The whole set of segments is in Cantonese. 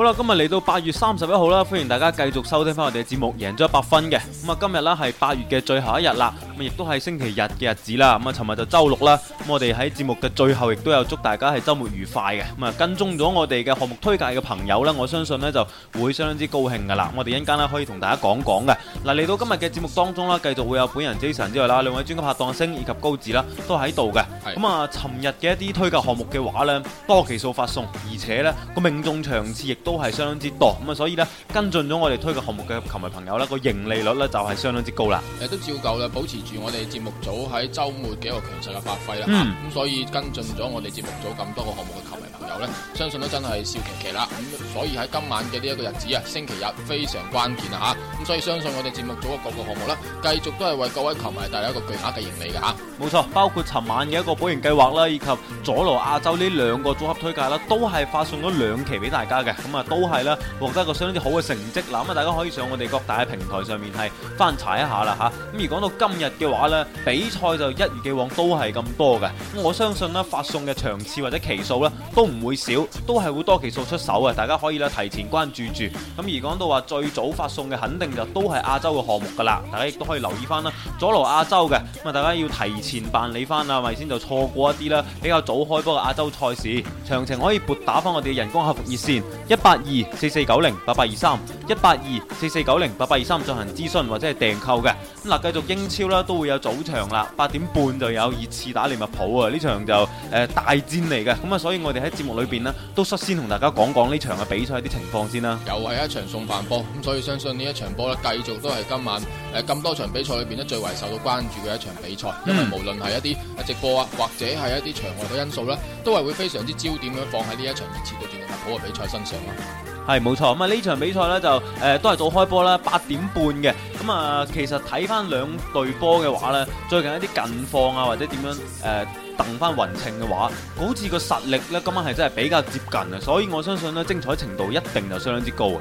好啦，今日嚟到八月三十一號啦，歡迎大家繼續收聽翻我哋嘅節目，贏咗一百分嘅。咁啊，今日啦係八月嘅最後一日啦，咁亦都係星期日嘅日子啦。咁啊，尋日就周六啦。咁我哋喺節目嘅最後亦都有祝大家係周末愉快嘅。咁啊，跟蹤咗我哋嘅項目推介嘅朋友呢，我相信呢就會相當之高興噶啦。咁我哋一陣間呢可以同大家講講嘅。嗱，嚟到今日嘅節目當中啦，繼續會有本人精神之外啦，兩位專家拍檔星以及高智啦都喺度嘅。咁啊的，尋日嘅一啲推介項目嘅話呢，多期數發送，而且呢個命中場次亦都。都係相當之多，咁啊，所以咧跟進咗我哋推嘅項目嘅球迷朋友咧，個盈利率咧就係相當之高啦。誒，都照舊啦，保持住我哋節目組喺週末嘅一個強勢嘅發揮啦。嗯，咁所以跟進咗我哋節目組咁多個項目嘅球迷相信都真係笑騎騎啦，咁所以喺今晚嘅呢一個日子啊，星期日非常關鍵啊嚇，咁所以相信我哋節目組嘅各個項目啦，繼續都係為各位球迷帶來一個巨額嘅盈利嘅嚇，冇錯，包括尋晚嘅一個保贏計劃啦，以及佐羅亞洲呢兩個組合推介啦，都係發送咗兩期俾大家嘅，咁啊都係啦，獲得一個相當之好嘅成績，嗱咁大家可以上我哋各大平台上面係翻查一下啦嚇，咁而講到今日嘅話呢，比賽就一如既往都係咁多嘅，我相信呢，發送嘅場次或者期數呢，都唔會少，都係會多期數出手嘅，大家可以啦提前關注住。咁而講到話最早發送嘅，肯定就都係亞洲嘅項目噶啦，大家亦都可以留意翻啦。阻留亞洲嘅，咁啊大家要提前辦理翻啊，咪先就錯過一啲啦。比較早開波嘅亞洲賽事，詳情可以撥打翻我哋嘅人工客服熱線一八二四四九零八八二三一八二四四九零八八二三進行諮詢或者係訂購嘅。咁嗱，繼續英超啦，都會有早場啦，八點半就有熱刺打利物浦啊，呢場就誒大戰嚟嘅。咁啊，所以我哋喺裏邊呢都率先同大家講講呢場嘅比賽啲情況先啦，又係一場送飯波，咁所以相信呢一場波咧繼續都係今晚誒咁、呃、多場比賽裏邊咧最為受到關注嘅一場比賽，因為無論係一啲直播啊，或者係一啲場外嘅因素咧，都係會非常之焦點咁放喺呢一場熱切嘅焦點球嘅比賽身上啦。係冇錯，咁啊呢場比賽咧就誒、呃、都係早開波啦，八點半嘅。咁啊、呃，其實睇翻兩隊波嘅話呢，最近一啲近況啊，或者點樣誒掟翻勻稱嘅話，好似個實力呢，今晚係真係比較接近啊，所以我相信呢，精彩程度一定就相當之高啊。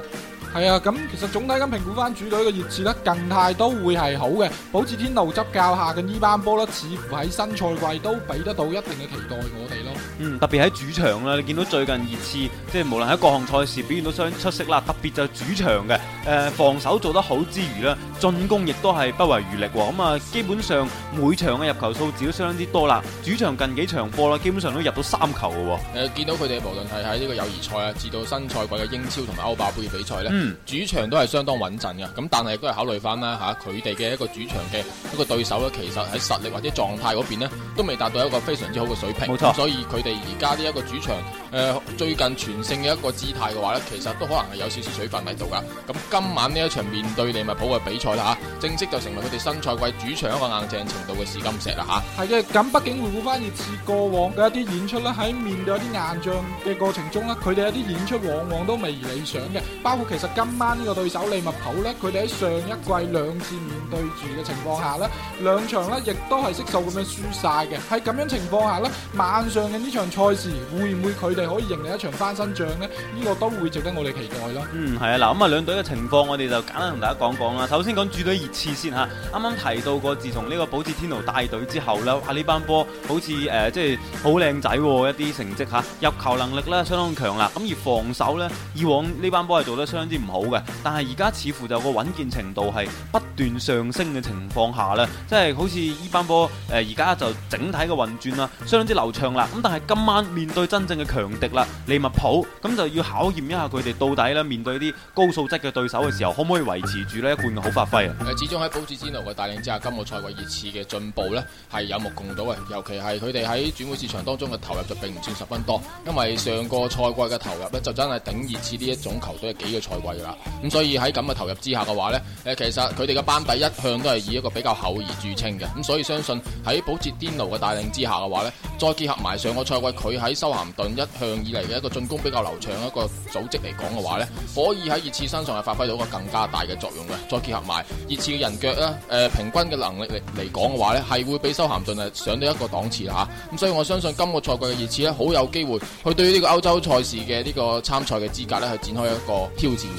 係啊，咁其實總體咁評估翻主隊嘅熱刺咧，近態都會係好嘅，保持天奴執教下嘅呢班波咧，似乎喺新賽季都俾得到一定嘅期待我哋咯。嗯，特別喺主場啦，你見到最近熱刺即係無論喺各項賽事表現都相當出色啦，特別就主場嘅，誒防守做得好之餘咧，進攻亦都係不遺餘力，咁啊基本上每場嘅入球數字都相當之多啦。主場近幾場波咧，基本上都入到三球嘅。誒，見到佢哋無論係喺呢個友誼賽啊，至到新賽季嘅英超同埋歐霸盃嘅比賽咧。主場都係相當穩陣嘅，咁但係都係考慮翻啦吓，佢哋嘅一個主場嘅一個對手咧，其實喺實力或者狀態嗰邊咧，都未達到一個非常之好嘅水平。冇錯，所以佢哋而家呢一個主場誒、呃、最近全勝嘅一個姿態嘅話咧，其實都可能係有少少水分喺度噶。咁今晚呢一場面對利物浦嘅比賽啦吓，正式就成為佢哋新賽季主場一個硬淨程度嘅試金石啦吓。係、啊、嘅，咁畢竟回顧翻以前過往嘅一啲演出咧，喺面對一啲硬仗嘅過程中咧，佢哋一啲演出往往都未理想嘅，包括其實。今晚呢個對手利物浦咧，佢哋喺上一季兩次面對住嘅情況下咧，兩場咧亦都係悉數咁樣輸晒嘅。喺咁樣情況下咧，晚上嘅呢場賽事會唔會佢哋可以迎嚟一場翻身仗咧？呢、這個都會值得我哋期待咯。嗯，係啊，嗱，咁啊兩隊嘅情況我哋就簡單同大家講講啦。首先講主隊熱刺先吓、啊，啱啱提到過，自從呢個保治天奴帶隊之後咧，呃就是、啊呢班波好似誒即係好靚仔一啲成績吓、啊，入球能力咧相當強啦。咁而防守咧，以往呢班波係做得相當。唔好嘅，但係而家似乎就有個穩健程度係不斷上升嘅情況下咧，即係好似呢班波誒而家就整體嘅運轉啦，相當之流暢啦。咁但係今晚面對真正嘅強敵啦，利物浦咁就要考驗一下佢哋到底咧面對啲高素質嘅對手嘅時候，可唔可以維持住呢一貫嘅好發揮啊？誒，始終喺普捷天奴嘅帶領之下，今個賽季熱刺嘅進步咧係有目共睹嘅，尤其係佢哋喺轉會市場當中嘅投入就並唔算十分多，因為上個賽季嘅投入咧就真係頂熱刺呢一種球隊嘅幾個賽季。係啦，咁所以喺咁嘅投入之下嘅話呢，誒，其實佢哋嘅班底一向都係以一個比較厚而著稱嘅，咁所以相信喺保捷顛奴嘅帶領之下嘅話呢，再結合埋上，上個賽季佢喺修咸頓一向以嚟，嘅一個進攻比較流暢一個組織嚟講嘅話呢，可以喺熱刺身上係發揮到一個更加大嘅作用嘅，再結合埋熱刺嘅人腳啦，誒、呃，平均嘅能力嚟嚟講嘅話呢，係會比修咸頓係上到一個檔次吓，咁所以我相信今個賽季嘅熱刺呢，好有機會去對於呢個歐洲賽事嘅呢個參賽嘅資格呢，去展開一個挑戰。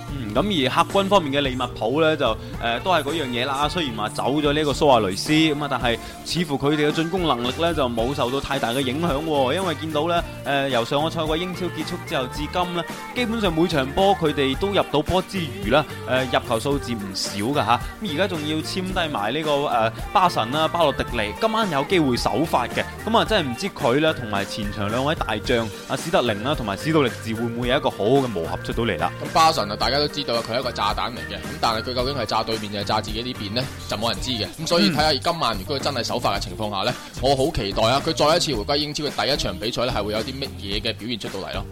嗯，咁而客軍方面嘅利物浦呢，就，誒、呃，都係嗰樣嘢啦。雖然話走咗呢個蘇亞雷斯，咁啊，但係似乎佢哋嘅進攻能力呢，就冇受到太大嘅影響，啊。因為見到呢，誒、呃，由上個賽季英超結束之後至今呢，基本上每場波佢哋都入到波之餘啦，誒、呃，入球數字唔少噶吓。咁而家仲要簽低埋呢個誒、呃、巴神啦、啊，巴洛迪尼，今晚有機會首發嘅。咁啊，真係唔知佢呢，同埋前場兩位大將阿史特靈啦，同埋史杜、啊、力治會唔會有一個好好嘅磨合出到嚟啦？咁巴神啊，大家，都知道佢係一個炸彈嚟嘅，咁但係佢究竟係炸對面定係炸自己呢邊呢？就冇人知嘅。咁所以睇下今晚如果佢真係首發嘅情況下呢，我好期待啊！佢再一次回歸英超嘅第一場比賽咧，係會有啲乜嘢嘅表現出到嚟咯。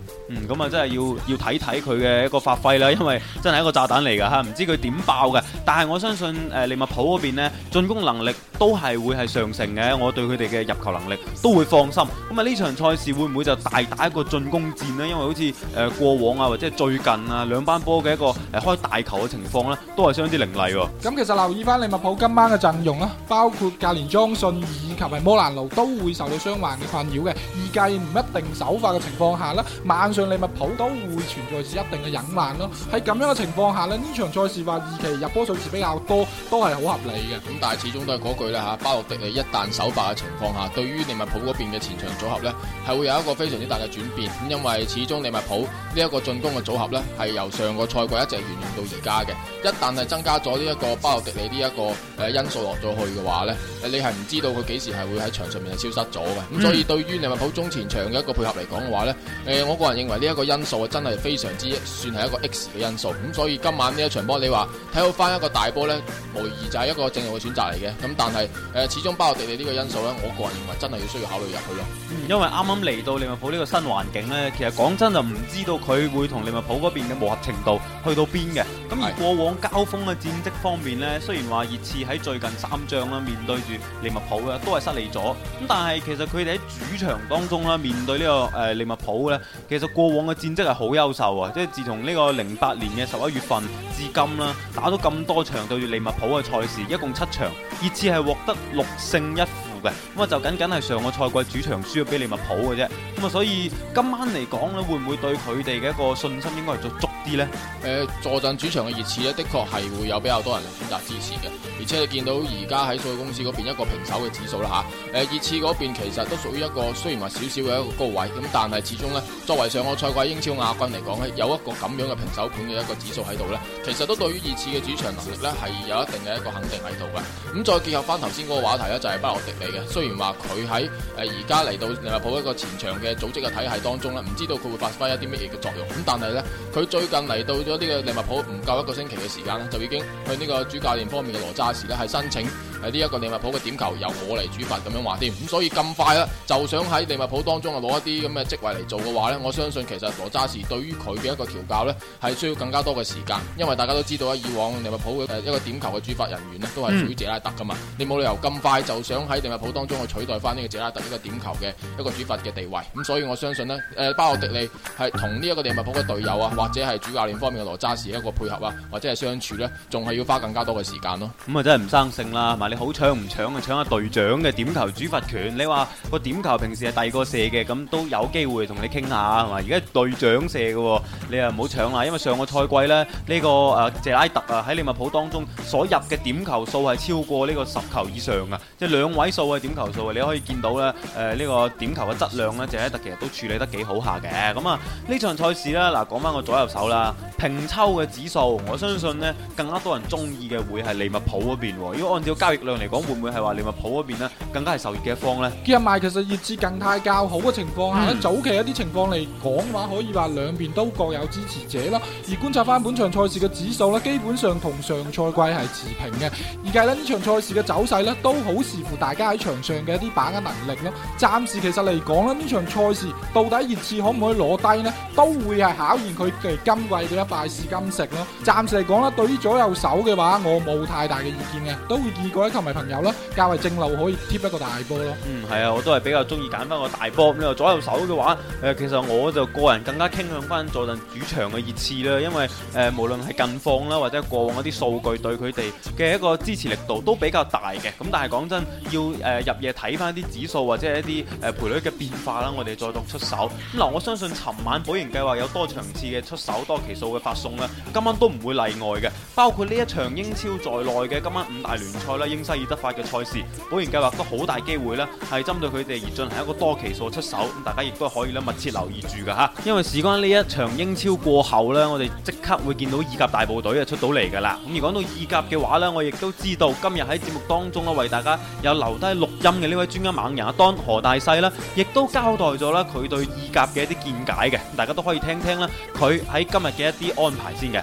咁啊、嗯，真係要要睇睇佢嘅一個發揮啦，因為真係一個炸彈嚟㗎吓，唔知佢點爆嘅。但係我相信誒、呃、利物浦嗰邊呢，進攻能力都係會係上乘嘅，我對佢哋嘅入球能力都會放心。咁啊呢場賽事會唔會就大打一個進攻戰呢？因為好似誒、呃、過往啊或者最近啊兩班波嘅。個誒開大球嘅情況咧，都係相當之凌厲喎。咁其實留意翻利物浦今晚嘅陣容啦，包括格連、莊信以及係摩蘭奴都會受到傷患嘅困擾嘅。預計唔一定守法嘅情況下呢，晚上利物浦都會存在住一定嘅隱患咯。喺咁樣嘅情況下呢，呢場賽事話二期入波數字比較多，都係好合理嘅。咁但係始終都係嗰句啦吓，巴洛迪一旦守法嘅情況下，對於利物浦嗰邊嘅前場組合呢，係會有一個非常之大嘅轉變。咁因為始終利物浦呢一個進攻嘅組合呢，係由上個賽。佢一直沿用到而家嘅，一旦係增加咗呢一個巴洛迪利呢一個誒因素落咗去嘅話咧，你係唔知道佢幾時係會喺場上面係消失咗嘅。咁、嗯、所以對於利物浦中前場嘅一個配合嚟講嘅話咧，誒，我個人認為呢一個因素啊真係非常之算係一個 X 嘅因素。咁所以今晚呢一場波，你話睇好翻一個大波咧，無疑就係一個正路嘅選擇嚟嘅。咁但係誒，始終巴洛迪利呢個因素咧，我個人認為真係要需要考慮入去咯。因為啱啱嚟到利物浦呢個新環境咧，其實講真就唔知道佢會同利物浦嗰邊嘅磨合程度。去到邊嘅咁？而過往交鋒嘅戰績方面咧，雖然話熱刺喺最近三仗啦，面對住利物浦咧都係失利咗，咁但係其實佢哋喺主場當中啦，面對呢、這個誒、呃、利物浦咧，其實過往嘅戰績係好優秀啊！即係自從呢個零八年嘅十一月份至今啦，打咗咁多場對住利物浦嘅賽事，一共七場，熱刺係獲得六勝一負嘅咁啊，就僅僅係上個賽季主場輸咗俾利物浦嘅啫咁啊，所以今晚嚟講咧，會唔會對佢哋嘅一個信心應該係足足？啲咧，誒、呃，坐鎮主場嘅熱刺咧，的確係會有比較多人選擇支持嘅，而且你見到而家喺所有公司嗰邊一個平手嘅指數啦吓，誒、啊，熱刺嗰邊其實都屬於一個雖然話少少嘅一個高位，咁但係始終咧，作為上個賽季英超亞軍嚟講咧，有一個咁樣嘅平手盤嘅一個指數喺度咧，其實都對於熱刺嘅主場能力咧係有一定嘅一個肯定喺度嘅。咁再結合翻頭先嗰個話題咧，就係巴洛迪尼嘅，雖然話佢喺誒而家嚟到利物浦一個前場嘅組織嘅體系當中咧，唔知道佢會發揮一啲乜嘢嘅作用，咁但係咧，佢最近嚟到咗呢個利物浦，唔夠一個星期嘅時間咧，就已經去呢個主教練方面嘅羅渣士咧，係申請。係呢一個利物浦嘅點球由我嚟主罰，咁樣話添。咁所以咁快啦，就想喺利物浦當中啊，攞一啲咁嘅職位嚟做嘅話咧，我相信其實羅渣士對於佢嘅一個調教呢，係需要更加多嘅時間，因為大家都知道啊，以往利物浦嘅一個點球嘅主罰人員呢都係屬於謝拉特噶嘛。你冇理由咁快就想喺利物浦當中去取代翻呢個謝拉特一個點球嘅一個主罰嘅地位，咁所以我相信呢，誒，巴洛迪利係同呢一個利物浦嘅隊友啊，或者係主教練方面嘅羅渣士一個配合啊，或者係相處呢，仲係要花更加多嘅時間咯。咁啊真係唔生性啦，你好搶唔搶啊？搶下隊長嘅點球主罰權，你話個點球平時係第二個射嘅，咁都有機會同你傾下，係嘛？而家隊長射嘅，你啊唔好搶啦，因為上個賽季咧，呢、這個誒、啊、謝拉特啊喺利物浦當中所入嘅點球數係超過呢個十球以上啊，即係兩位數嘅點球數啊！你可以見到咧，誒、呃，呢、這個點球嘅質量咧，謝拉特其實都處理得幾好下嘅。咁啊，場呢場賽事咧，嗱講翻個左右手啦，平抽嘅指數我相信咧更加多人中意嘅會係利物浦嗰邊喎，如果按照交易。量嚟講，會唔會係話利物浦嗰邊咧更加係受熱嘅一方咧？結埋其實熱刺近態較好嘅情況下，嗯、早期一啲情況嚟講嘅話，可以話兩邊都各有支持者咯。而觀察翻本場賽事嘅指數咧，基本上同上賽季係持平嘅。而計咧呢場賽事嘅走勢咧，都好視乎大家喺場上嘅一啲把握能力咯。暫時其實嚟講咧，呢場賽事到底熱刺可唔可以攞低呢？都會係考驗佢今季嘅一塊試金石咯。暫時嚟講咧，對於左右手嘅話，我冇太大嘅意見嘅，都會見過同埋朋友啦，較為正路可以貼一個大波咯。嗯，係啊，我都係比較鍾意揀翻個大波。咁又左右手嘅話，誒、呃，其實我就個人更加傾向翻坐陣主場嘅熱刺啦，因為誒、呃、無論係近況啦，或者過往一啲數據對佢哋嘅一個支持力度都比較大嘅。咁但係講真，要誒、呃、入夜睇翻啲指數或者一啲誒賠率嘅變化啦，我哋再作出手。嗱、呃，我相信尋晚保盈計劃有多場次嘅出手多期數嘅發送啦，今晚都唔會例外嘅。包括呢一場英超在內嘅今晚五大聯賽啦，西意德法嘅賽事，保研計劃都好大機會呢係針對佢哋而進行一個多期數出手，咁大家亦都可以咧密切留意住嘅吓。因為事關呢一場英超過後呢，我哋即刻會見到意甲大部隊啊出來到嚟噶啦。咁而講到意甲嘅話呢，我亦都知道今日喺節目當中咧，為大家有留低錄音嘅呢位專家猛人阿當何大細呢，亦都交代咗啦佢對意甲嘅一啲見解嘅，大家都可以聽聽啦，佢喺今日嘅一啲安排先嘅。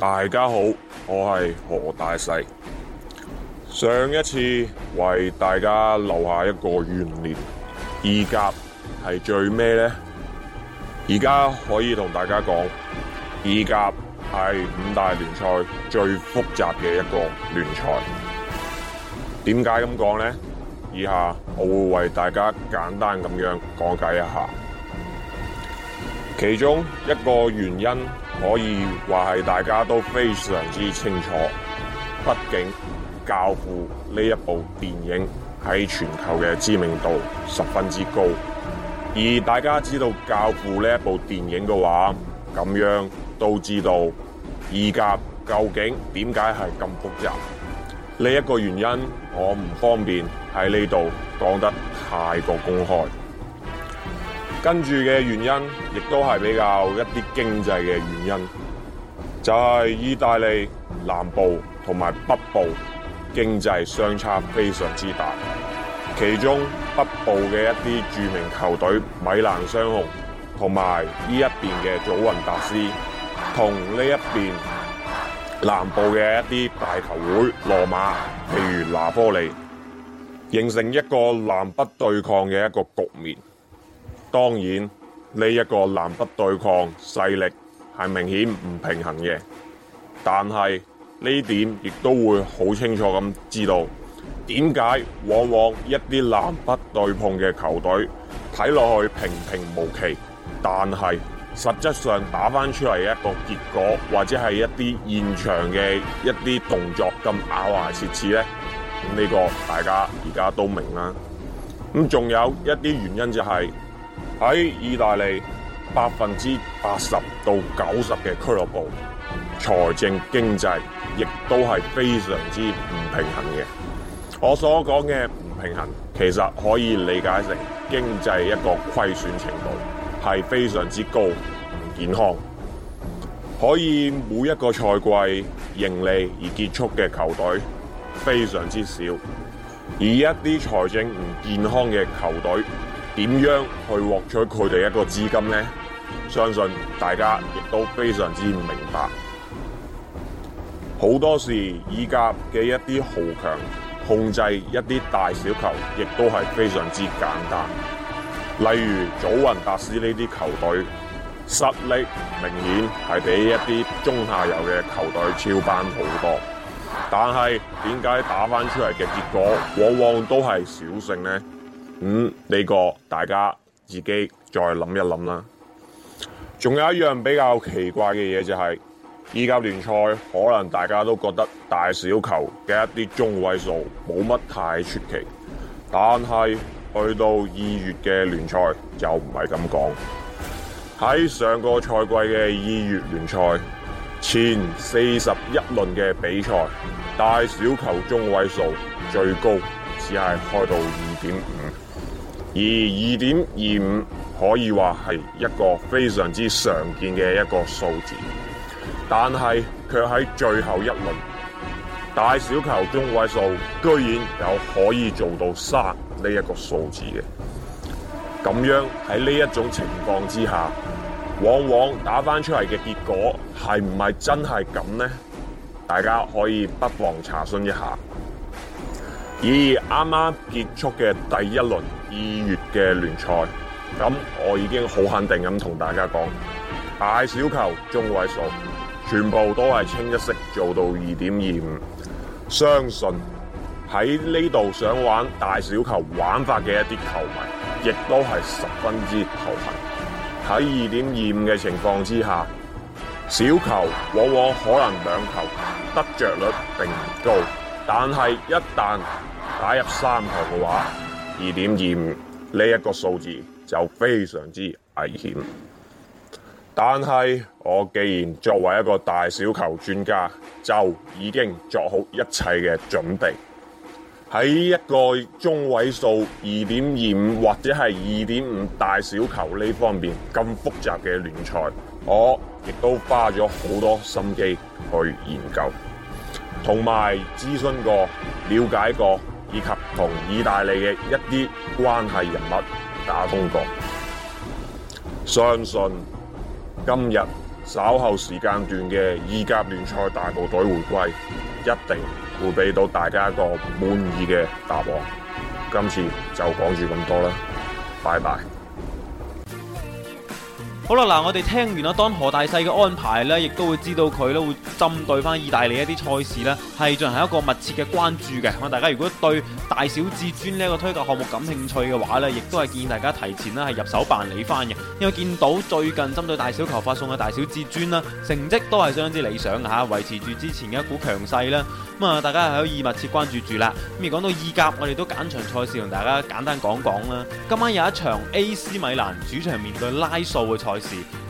大家好，我係何大細。上一次為大家留下一個懸念，意甲係最咩呢？而家可以同大家講，意甲係五大聯賽最複雜嘅一個聯賽。點解咁講呢？以下我會為大家簡單咁樣講解一下，其中一個原因。可以話係大家都非常之清楚，畢竟《教父》呢一部電影喺全球嘅知名度十分之高，而大家知道《教父》呢一部電影嘅話，咁樣都知道而家究竟點解係咁複雜？呢一個原因我唔方便喺呢度講得太過公開。跟住嘅原因，亦都係比較一啲經濟嘅原因，就係、是、意大利南部同埋北部經濟相差非常之大。其中北部嘅一啲著名球隊米蘭雙雄，同埋呢一邊嘅祖雲達斯，同呢一邊南部嘅一啲大球會羅馬，譬如拿波利，形成一個南北對抗嘅一個局面。當然呢一個南北對抗勢力係明顯唔平衡嘅，但係呢點亦都會好清楚咁知道點解往往一啲南北對碰嘅球隊睇落去平平無奇，但係實質上打翻出嚟一個結果或者係一啲現場嘅一啲動作咁咬牙切齒呢？呢個大家而家都明啦。咁仲有一啲原因就係。喺意大利，百分之八十到九十嘅俱樂部財政經濟亦都係非常之唔平衡嘅。我所講嘅唔平衡，其實可以理解成經濟一個虧損程度係非常之高，唔健康。可以每一個賽季盈利而結束嘅球隊非常之少，而一啲財政唔健康嘅球隊，點樣去獲取佢哋一個資金呢？相信大家亦都非常之明白。好多時，意甲嘅一啲豪強控制一啲大小球，亦都係非常之簡單。例如，祖雲達斯呢啲球隊實力明顯係比一啲中下游嘅球隊超班好多，但係點解打翻出嚟嘅結果往往都係小勝呢？嗯，呢個大家自己再諗一諗啦。仲有一樣比較奇怪嘅嘢就係，依家聯賽可能大家都覺得大小球嘅一啲中位數冇乜太出奇，但係去到二月嘅聯賽就唔係咁講。喺上個賽季嘅二月聯賽前四十一輪嘅比賽，大小球中位數最高只係開到二點五。而二點二五可以話係一個非常之常見嘅一個數字，但係卻喺最後一輪大小球中位數居然有可以做到三呢一個數字嘅，咁樣喺呢一種情況之下，往往打翻出嚟嘅結果係唔係真係咁呢？大家可以不妨查詢一下，而啱啱結束嘅第一輪。二月嘅聯賽，咁我已經好肯定咁同大家講，大小球中位數全部都係清一色做到二點二五，相信喺呢度想玩大小球玩法嘅一啲球迷，亦都係十分之頭痕。喺二點二五嘅情況之下，小球往往可能兩球得着率並唔高，但係一旦打入三球嘅話。二點二五呢一個數字就非常之危險，但係我既然作為一個大小球專家，就已經做好一切嘅準備。喺一個中位數二點二五或者係二點五大小球呢方面咁複雜嘅聯賽，我亦都花咗好多心機去研究，同埋諮詢過、了解過。以及同意大利嘅一啲關係人物打通過，相信今日稍後時間段，嘅意甲聯賽大部隊回歸一定會俾到大家一個滿意嘅答案。今次就講住咁多啦，拜拜。好啦，嗱，我哋聽完啦，當何大細嘅安排咧，亦都會知道佢咧會針對翻意大利一啲賽事呢，係進行一個密切嘅關注嘅。咁大家如果對大小至尊呢個推介項目感興趣嘅話呢，亦都係建議大家提前咧係入手辦理翻嘅。因為見到最近針對大小球發送嘅大小至尊啦，成績都係相當之理想嘅吓，維持住之前嘅一股強勢啦。咁啊，大家係可以密切關注住啦。咁而講到意甲，我哋都揀場賽事同大家簡單講講啦。今晚有一場 A.C. 米蘭主場面對拉素嘅賽。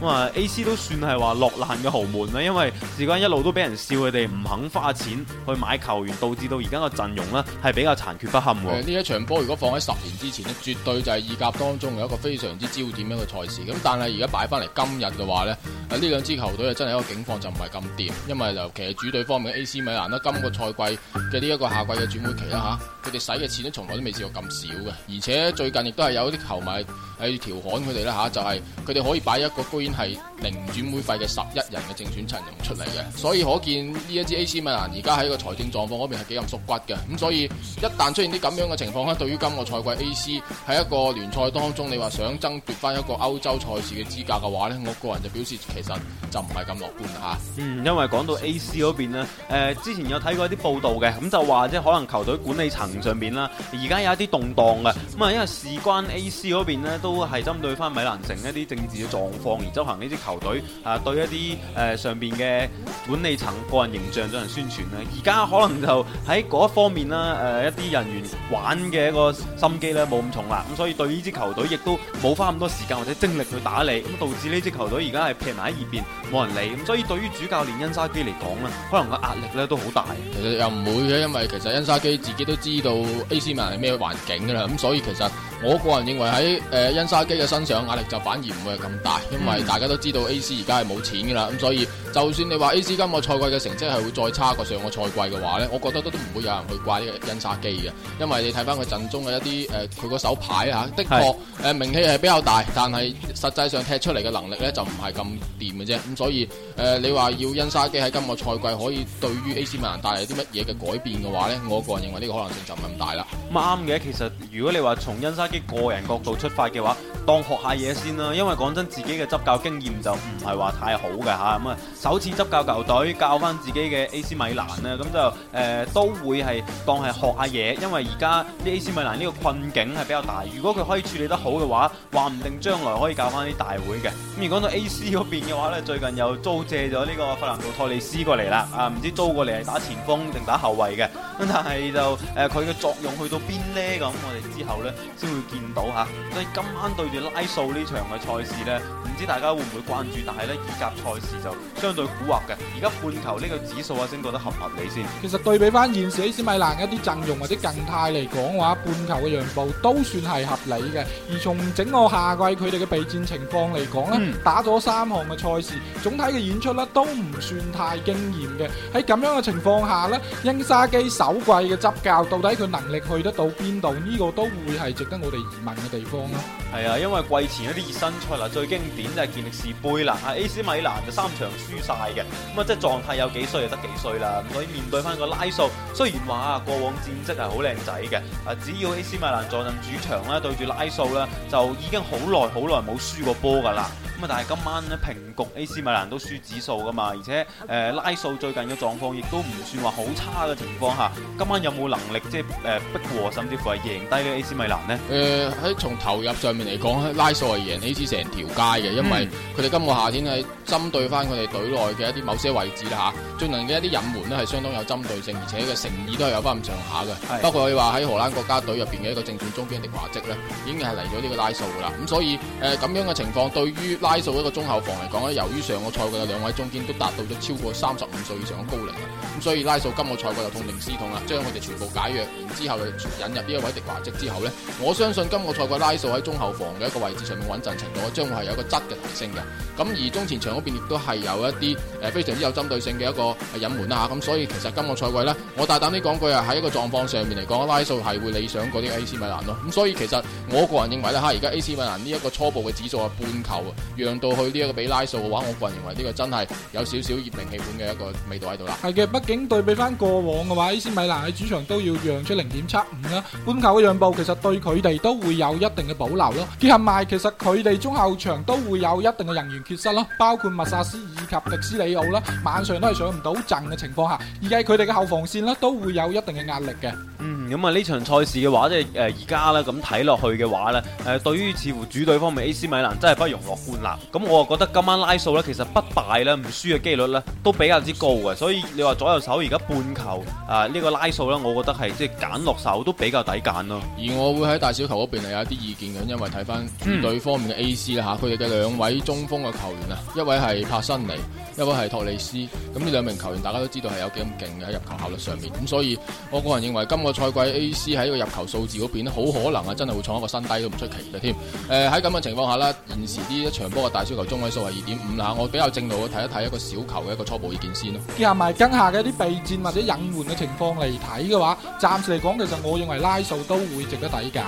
咁啊，A.C. 都算係話落難嘅豪門啦，因為事關一路都俾人笑佢哋唔肯花錢去買球員，導致到而家個陣容呢，係比較殘缺不堪。誒，呢一場波如果放喺十年之前呢，絕對就係意甲當中嘅一個非常之焦點樣嘅賽事。咁但係而家擺翻嚟今日嘅話呢，啊呢兩支球隊啊真係一個境況就唔係咁掂，因為尤其係主隊方面 A.C. 米蘭啦，今個賽季嘅呢一個夏季嘅轉會期啦吓，佢哋使嘅錢咧從來都未試過咁少嘅，而且最近亦都係有啲球迷。喺調侃佢哋咧吓，就係佢哋可以擺一個居然係零轉會費嘅十一人嘅正選陣容出嚟嘅，所以可見呢一支 A.C. 米蘭而家喺個財政狀況嗰邊係幾咁縮骨嘅，咁所以一旦出現啲咁樣嘅情況咧，對於今個賽季 A.C. 喺一個聯賽當中，你話想爭奪翻一個歐洲賽事嘅資格嘅話咧，我個人就表示其實就唔係咁樂觀嚇。嗯，因為講到 A.C. 嗰邊咧、呃，之前有睇過一啲報道嘅，咁就話即係可能球隊管理層上邊啦，而家有一啲動盪嘅，咁啊因為事關 A.C. 嗰邊咧都係針對翻米蘭城一啲政治嘅狀況而執行呢支球隊啊，對一啲誒、呃、上邊嘅管理層個人形象進行宣傳啊。而家可能就喺嗰一方面啦，誒、呃、一啲人員玩嘅一個心機咧冇咁重啦。咁、啊、所以對呢支球隊亦都冇花咁多時間或者精力去打理，咁、啊、導致呢支球隊而家係撇埋喺一邊冇人理。咁、啊、所以對於主教練恩沙基嚟講咧，可能個壓力咧都好大。其實又唔會嘅，因為其實恩沙基自己都知道 AC man 係咩環境噶啦，咁所以其實。我個人認為喺誒恩沙基嘅身上壓力就反而唔會係咁大，因為大家都知道 A.C. 而家係冇錢噶啦，咁、嗯、所以就算你話 A.C. 今個賽季嘅成績係會再差過上個賽季嘅話咧，我覺得都唔會有人去怪呢個恩沙基嘅，因為你睇翻佢陣中嘅一啲誒，佢、呃、個手牌啊，的確誒名氣係比較大，是但係。實際上踢出嚟嘅能力咧就唔係咁掂嘅啫，咁所以誒、呃、你話要恩沙基喺今個賽季可以對於 AC 米蘭帶嚟啲乜嘢嘅改變嘅話呢，我個人認為呢個可能性就唔係咁大啦。啱嘅，其實如果你話從恩沙基個人角度出發嘅話，當學下嘢先啦，因為講真自己嘅執教經驗就唔係話太好嘅嚇。咁啊，首次執教球隊教翻自己嘅 AC 米蘭咧，咁就誒、呃、都會係當係學下嘢，因為而家啲 AC 米蘭呢個困境係比較大，如果佢可以處理得好嘅話，話唔定將來可以教。翻啲大會嘅。如果到 ac 嗰邊嘅話呢，最近又租借咗呢個法蘭道托利斯過嚟啦，唔知租過嚟係打前鋒定打後衛嘅，但係就佢嘅作用去到邊呢？咁我哋之後呢先會見到吓。所以今晚對住拉素呢場嘅賽事呢，唔知大家會唔會關注但係呢，意甲賽事就相對古惑嘅，而家半球呢個指數啊，先覺得合唔合理先。其實對比翻現時希米蘭一啲陣容或者近態嚟講嘅話，半球嘅讓步都算係合理嘅。而從整個夏季佢哋嘅備戰情況嚟講咧，打咗三項嘅賽事，總體嘅演出咧都唔算太驚艷嘅。喺咁樣嘅情況下呢，英沙基首季嘅執教到底佢能力去得到邊度，呢個都會係值得我哋疑問嘅地方咯。係啊，因為季前一啲熱身賽嗱，最經典就係健力士杯啦。阿、啊、AC 米蘭就三場輸晒嘅，咁啊即係狀態有幾衰就得幾衰啦。咁所以面對翻個拉素，雖然話啊過往戰績係好靚仔嘅，啊只要 AC 米蘭坐陣主場咧，啊、對住拉素呢，就已經好耐好耐冇。輸過波噶啦，咁啊但係今晚咧平局 AC 米蘭都輸指數噶嘛，而且誒、呃、拉素最近嘅狀況亦都唔算話好差嘅情況下，今晚有冇能力即係誒、呃、逼和甚至乎係贏低呢 AC 米蘭呢？誒喺從投入上面嚟講，拉素係贏 AC 成條街嘅，嗯、因為佢哋今個夏天係針對翻佢哋隊內嘅一啲某些位置啦吓，進行嘅一啲隱瞞咧係相當有針對性，而且嘅誠意都係有翻咁上下嘅。係，是的 不過可以話喺荷蘭國家隊入邊嘅一個正選中邊的華職咧，已經係嚟咗呢個拉素噶啦，咁、啊、所以誒咁。呃噉樣嘅情況對於拉素一個中後防嚟講咧，由於上個賽季嘅兩位中堅都達到咗超過三十五歲以上嘅高齡。所以拉素今個賽季就痛定思痛啦，將佢哋全部解約，然之後引入呢一位迪華職之後呢，我相信今個賽季拉素喺中後防嘅一個位置上面穩陣程度，我將會係有一個質嘅提升嘅。咁而中前場嗰邊亦都係有一啲誒非常之有針對性嘅一個隱瞞啦吓。咁所以其實今個賽季呢，我大膽啲講句啊，喺一個狀況上面嚟講，拉素係會理想過啲 AC 米蘭咯。咁所以其實我個人認為呢，吓，而家 AC 米蘭呢一個初步嘅指數係半球啊，讓到去呢一個比拉素嘅話，我個人認為呢個真係有少少熱名氣管嘅一個味道喺度啦。竟對比翻過往嘅話，AC 米蘭喺主場都要讓出零點七五啦。半球嘅讓步其實對佢哋都會有一定嘅保留咯。結合埋其實佢哋中後場都會有一定嘅人員缺失咯，包括麥薩斯以及迪斯里奧啦，晚上都係上唔到陣嘅情況下，而係佢哋嘅後防線咧都會有一定嘅壓力嘅。嗯，咁啊呢場賽事嘅話，即係誒而家啦，咁睇落去嘅話咧，誒對於似乎主隊方面 AC 米蘭真係不容樂觀啦。咁我啊覺得今晚拉數咧，其實不敗啦，唔輸嘅機率咧都比較之高嘅，所以你話左右。手而家半球啊，呢個拉數啦，我覺得係即係揀落手都比較抵揀咯。而我會喺大小球嗰邊係有一啲意見嘅，因為睇翻主隊方面嘅 A C 啦吓，佢哋嘅兩位中鋒嘅球員啊，一位係帕辛尼，一位係托利斯。咁呢兩名球員大家都知道係有幾咁勁嘅入球效率上面。咁所以我個人認為今個賽季 A C 喺個入球數字嗰邊咧，好可能啊真係會創一個新低都唔出奇嘅添。誒喺咁嘅情況下啦，現時呢一場波嘅大小球中位數係二點五啦吓，我比較正路去睇一睇一個小球嘅一個初步意見先咯。結合埋跟下嘅。啲備戰或者隱瞞嘅情況嚟睇嘅話，暫時嚟講，其實我認為拉數都會值得抵揀。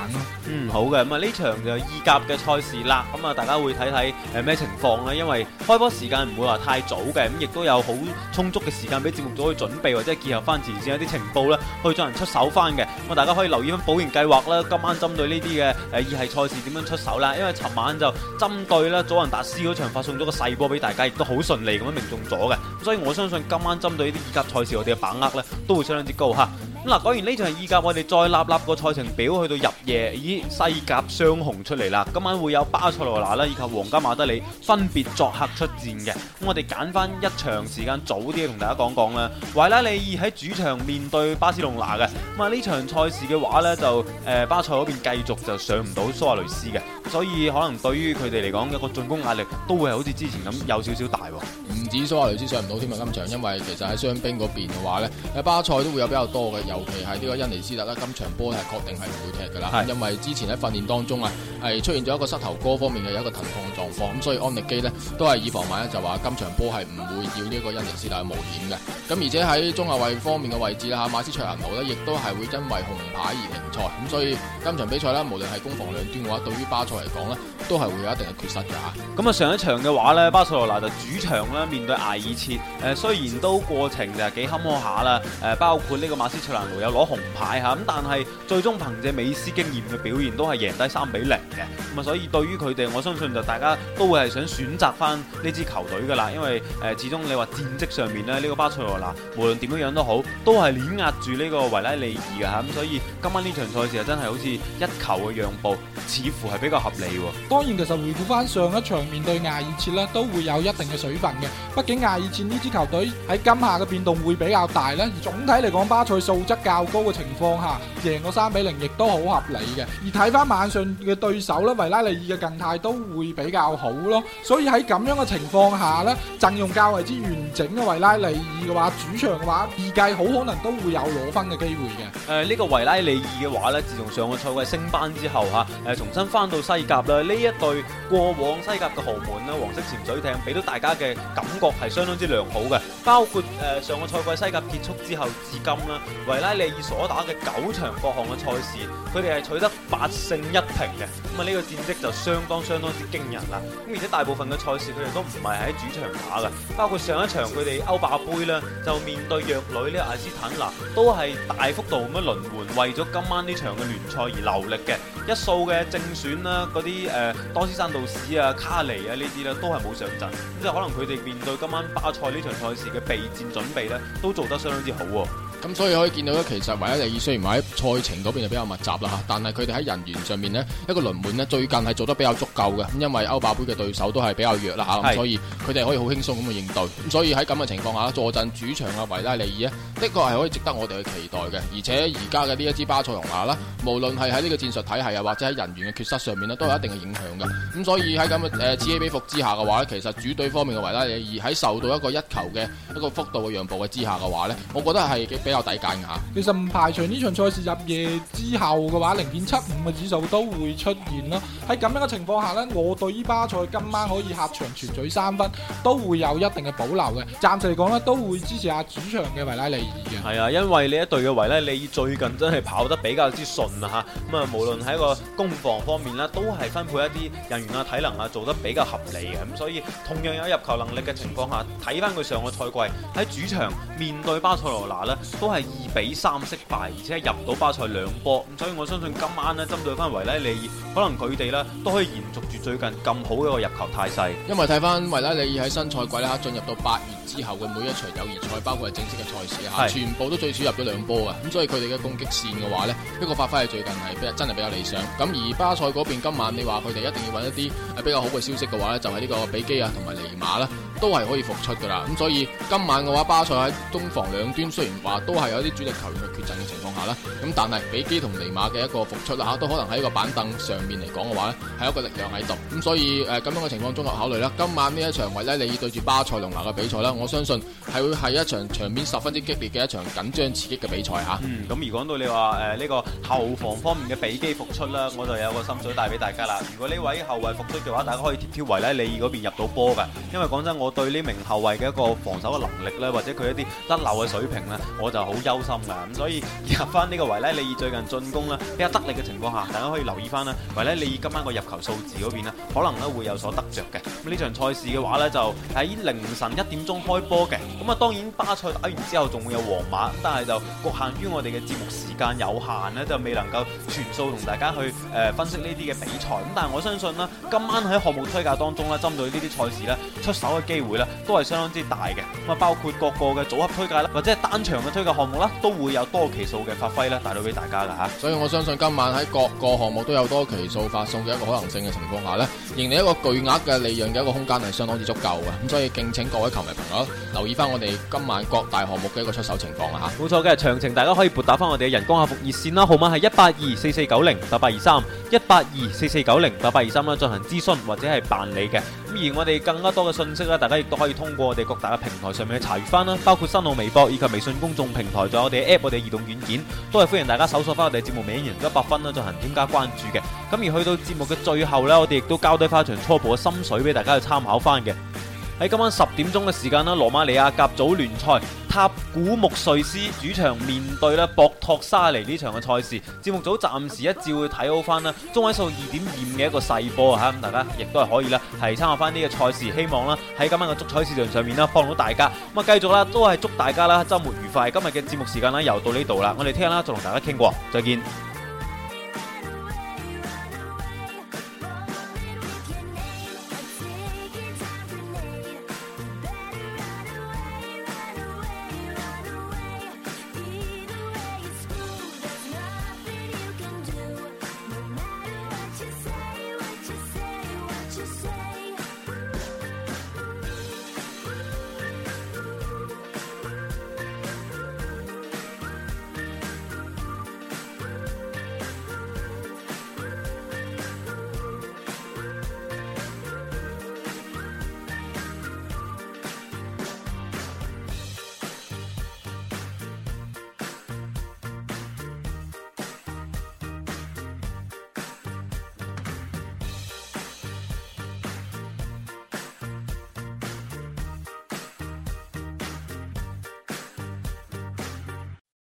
嗯，好嘅，咁啊呢場就係意甲嘅賽事啦，咁啊大家會睇睇誒咩情況咧？因為開波時間唔會話太早嘅，咁亦都有好充足嘅時間俾節目組去準備，或者結合翻前線一啲情報咧，去進行出手翻嘅。咁大家可以留意翻保贏計劃啦，今晚針對呢啲嘅誒二係賽事點樣出手啦？因為尋晚就針對咧祖雲達斯嗰場發送咗個細波俾大家，亦都好順利咁樣命中咗嘅。所以我相信今晚針對呢啲意甲。賽事我哋嘅把握咧，都會相當之高吓。咁嗱，講完呢場意甲，我哋再立立個賽程表去到入夜，咦，西甲雙雄出嚟啦！今晚會有巴塞羅那啦，以及皇家馬德里分別作客出戰嘅。咁我哋揀翻一場時間早啲嘅同大家講講啦。維拉利爾喺主場面對巴塞隆拿嘅，咁啊呢場賽事嘅話呢，就誒巴塞嗰邊繼續就上唔到蘇亞雷斯嘅，所以可能對於佢哋嚟講嘅個進攻壓力都會係好似之前咁有少少大啊。唔止蘇亞雷斯上唔到添嘛，今場，因為其實喺傷兵嗰邊嘅話呢，喺巴塞都會有比較多嘅。尤其係呢個恩尼斯特啦，今場波係確定係唔會踢噶啦，因為之前喺訓練當中啊，係出現咗一個膝頭哥方面嘅一個疼痛狀況，咁所以安力基咧都係以防萬一就話今場波係唔會要呢個恩尼斯特冒險嘅。咁而且喺中後衛方面嘅位置啦，馬斯卓蘭奴咧亦都係會因為紅牌而停賽，咁所以今場比賽啦，無論係攻防兩端嘅話，對於巴塞嚟講咧，都係會有一定嘅缺失嘅吓，咁啊上一場嘅話咧，巴塞羅那就主場咧面對艾爾切，誒雖然都過程就係幾坎坷下啦，誒包括呢個馬斯卓蘭。有攞紅牌嚇，咁但係最終憑藉美斯經驗嘅表現，都係贏低三比零嘅。咁啊，所以對於佢哋，我相信就大家都會係想選擇翻呢支球隊噶啦。因為誒，始終你話戰績上面咧，呢個巴塞羅納無論點樣樣都好，都係碾壓住呢個維拉利爾嘅嚇。咁所以今晚呢場賽事啊，真係好似一球嘅讓步，似乎係比較合理喎。當然，其實回顧翻上一場面對亞爾切咧，都會有一定嘅水分嘅。畢竟亞爾切呢支球隊喺今夏嘅變動會比較大咧，而總體嚟講，巴塞數得較高嘅情況下，贏個三比零亦都好合理嘅。而睇翻晚上嘅對手呢，維拉利爾嘅近態都會比較好咯。所以喺咁樣嘅情況下呢，陣容較為之完整嘅維拉利爾嘅話，主場嘅話預計好可能都會有攞分嘅機會嘅。誒、呃，呢、這個維拉利爾嘅話呢，自從上個賽季升班之後吓，誒、呃、重新翻到西甲啦，呢一隊過往西甲嘅豪門咧，黃色潛水艇俾到大家嘅感覺係相當之良好嘅，包括誒、呃、上個賽季西甲結束之後至今啦，拉利爾所打嘅九場各項嘅賽事，佢哋係取得八勝一平嘅，咁啊呢個戰績就相當相當之驚人啦。咁而且大部分嘅賽事佢哋都唔係喺主場打嘅，包括上一場佢哋歐霸杯咧，就面對弱旅呢阿斯坦拿，都係大幅度咁樣輪換，為咗今晚呢場嘅聯賽而留力嘅。一數嘅正選啦，嗰啲呃多斯山度士啊、卡尼啊呢啲咧都係冇上陣，咁即係可能佢哋面對今晚巴塞呢場賽事嘅備戰準備咧，都做得相當之好啊。咁所以可以見到咧，其實維拉利爾雖然話喺賽程嗰邊就比較密集啦嚇，但係佢哋喺人員上面呢，一個輪換呢，最近係做得比較足夠嘅。咁因為歐霸杯嘅對手都係比較弱啦嚇，咁是所以佢哋可以好輕鬆咁去應對。咁所以喺咁嘅情況下，坐鎮主場嘅維拉利爾呢，的確係可以值得我哋去期待嘅。而且而家嘅呢一支巴塞隆那啦，無論係喺呢個戰術體系啊，或者喺人員嘅缺失上面呢，都有一定嘅影響㗎。咁所以喺咁嘅誒此起彼伏之下嘅話，其實主隊方面嘅維拉利爾喺受到一個一球嘅一個幅度嘅讓步之下嘅話呢，我覺得係比較抵解吓，其實唔排除呢場賽事入夜之後嘅話，零點七五嘅指數都會出現咯。喺咁樣嘅情況下呢我對於巴塞今晚可以客場全取三分，都會有一定嘅保留嘅。暫時嚟講呢都會支持下主場嘅維拉利爾嘅。係啊，因為呢一隊嘅維拉利爾最近真係跑得比較之順啊吓。咁啊，無論喺個攻防方面呢，都係分配一啲人員啊、體能啊做得比較合理嘅。咁所以，同樣有入球能力嘅情況下，睇翻佢上個賽季喺主場面對巴塞羅那呢。都係二比三惜敗，而且入到巴塞兩波，咁所以我相信今晚呢針對翻維拉利爾，可能佢哋呢都可以延續住最近咁好嘅入球態勢。因為睇翻維拉利爾喺新賽季咧，進入到八月之後嘅每一場友誼賽，包括係正式嘅賽事啊，是全部都最少入咗兩波。咁所以佢哋嘅攻擊線嘅話呢，一個發揮係最近係比真係比較理想。咁而巴塞嗰邊今晚你話佢哋一定要揾一啲比較好嘅消息嘅話呢就係、是、呢個比基亞同埋尼馬啦。都係可以復出噶啦，咁所以今晚嘅話，巴塞喺中防兩端雖然話都係有啲主力球員嘅缺陣嘅情況下啦，咁但係比基同尼馬嘅一個復出啦，吓、啊、都可能喺個板凳上面嚟講嘅話咧，係一個力量喺度，咁所以誒咁、呃、樣嘅情況綜合考慮啦，今晚呢一場維拉利爾對住巴塞隆拿嘅比賽啦，我相信係會係一場場面十分之激烈嘅一場緊張刺激嘅比賽吓。啊、嗯，咁而講到你話誒呢個後防方面嘅比基復出啦，我就有個心水帶俾大家啦。如果呢位後衛復出嘅話，大家可以貼貼維拉利爾嗰邊入到波噶，因為講真我。對呢名後衛嘅一個防守嘅能力咧，或者佢一啲甩漏嘅水平咧，我就好憂心㗎。咁所以入翻呢個維拉利爾最近進攻呢比較得力嘅情況下，大家可以留意翻呢，維拉利爾今晚個入球數字嗰邊呢，可能咧會有所得着嘅。咁呢場賽事嘅話呢，就喺凌晨一點鐘開波嘅。咁啊，當然巴塞打完之後仲會有皇馬，但係就局限於我哋嘅節目時間有限呢，就未能夠全數同大家去誒、呃、分析呢啲嘅比賽。咁但係我相信呢，今晚喺項目推介當中呢，針對呢啲賽事呢出手嘅機。機會啦，都係相當之大嘅。咁啊，包括各個嘅組合推介啦，或者係單場嘅推介項目啦，都會有多期數嘅發揮啦，帶到俾大家噶吓。所以我相信今晚喺各個項目都有多期數發送嘅一個可能性嘅情況下咧，贏嚟一個巨額嘅利潤嘅一個空間係相當之足夠嘅。咁所以敬請各位球迷朋友留意翻我哋今晚各大項目嘅一個出手情況吓。冇錯嘅，詳情大家可以撥打翻我哋嘅人工客服熱線啦，號碼係一八二四四九零八八二三一。八二四四九零八八二三啦，進行諮詢或者係辦理嘅。咁而我哋更加多嘅信息咧，大家亦都可以通過我哋各大嘅平台上面去查閱翻啦。包括新浪微博以及微信公眾平台，仲有我哋 app 我哋移動軟件都係歡迎大家搜索翻我哋節目名贏足 100FUN 啦，進行添加關注嘅。咁而去到節目嘅最後呢，我哋亦都交低翻一場初步嘅心水俾大家去參考翻嘅。喺今晚十點鐘嘅時間呢，羅馬尼亞甲組聯賽塔古穆瑞斯主場面對咧，博托沙尼呢場嘅賽事，節目組暫時一致會睇好翻啦，中位數二點二五嘅一個細波啊，咁大家亦都係可以呢，係參考翻呢個賽事，希望啦喺今晚嘅足彩市場上面呢，幫到大家。咁啊，繼續啦，都係祝大家啦周末愉快。今日嘅節目時間呢，又到呢度啦，我哋聽日啦再同大家傾過，再見。